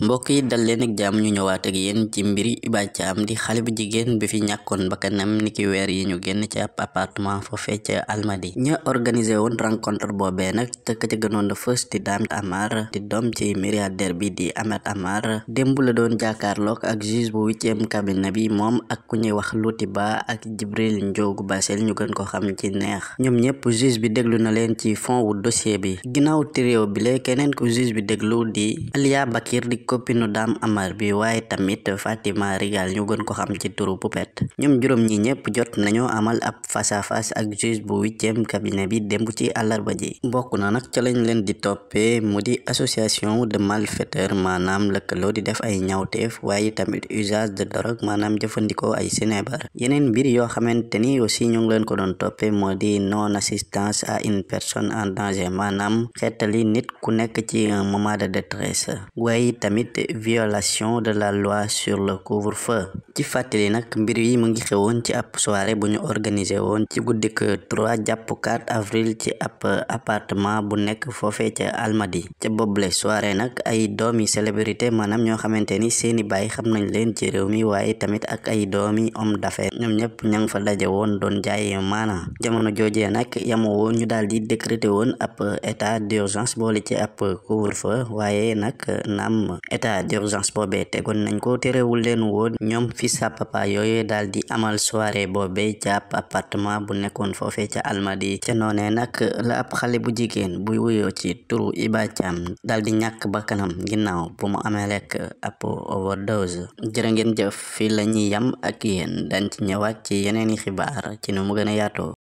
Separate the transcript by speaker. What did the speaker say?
Speaker 1: mbokk yi dal leen ak jàmm ñu ñëwaat ak yéen ci mbiri Hiba Thiam di xale bu jigéen bi fi ñàkkoon bakkanam niki weer yi ñu génn ca appartement foofee ca Almadi ña organisé woon rencontre boobee nag te ka ca gënoon la fës di Dame Amar di doom ci milliardaire bi di Ahmed Amar démb la doon jàkkaarloog ak juge bu huitième cabinet bi moom ak ku ñuy wax Louty Ba ak Djibril Ndiogou Bassel ñu gën ko xam ci neex ñoom ñëpp juge bi déglu na leen ci fond wu dossier bi ginnaaw trio bi la copine nu Dame Amar bi waaye tamit Fatima Rigal ñu gën ko xam ci turu Poupette ñoom juróom ñi ñëpp jot nañoo amal ab face à face ak juge bu huitième cabinet bi demb ci àllarba ji bokk na nag ca lañ leen di toppee mu di association de malfaiteurs maanaam lëkkaloo di def ay ñawteef waaye tamit usage de drogue maanaam jëfandikoo ay sinébar yeneen mbir yoo xamante ni aussi ñu ngi leen ko doon toppee moo di non assistance à une personne en danger maanaam xeetali nit ku nekk ci un de détresse waaye tamit violation de la loi sur le couvre-feu ci fàttali nag mbir yi mu ngi xewoon ci ab soirée bu ñu organisé woon ci guddik 3 jàpp 4 avril ci ab appartement bu nekk foofee ca Almadi ca boobule soirée nag ay doomi célébrité maanaam ñoo xamante ni seeni baay xam nañ leen ci réew mi waaye tamit ak ay doomi homme d'affaires ñoom ñëpp ña nga fa daje woon doon jaay maana jamono joojee nag yamoo woon ñu daal di décrété woon ab état d'urgence boole ci ab couvre-feu waaye nag naam état d'urgence boobee tegoon nañ ko terewul leen woon ñoom fi sa papa yooyu daal di amal soirée boobe ca appartement bu nekkoon foofee ca Almadi ca noonee nag la ab xale bu jigéen buy wuyoo ci turu Iba Thiam daal di ñàkk bakkanam ginnaaw bu mu amee rek ab overdose jërë ngeen jëf fii la ñuy yam ak yéen dañ ci ñëwaat ci yeneeni xibaar ci nu mu gën a yaatoo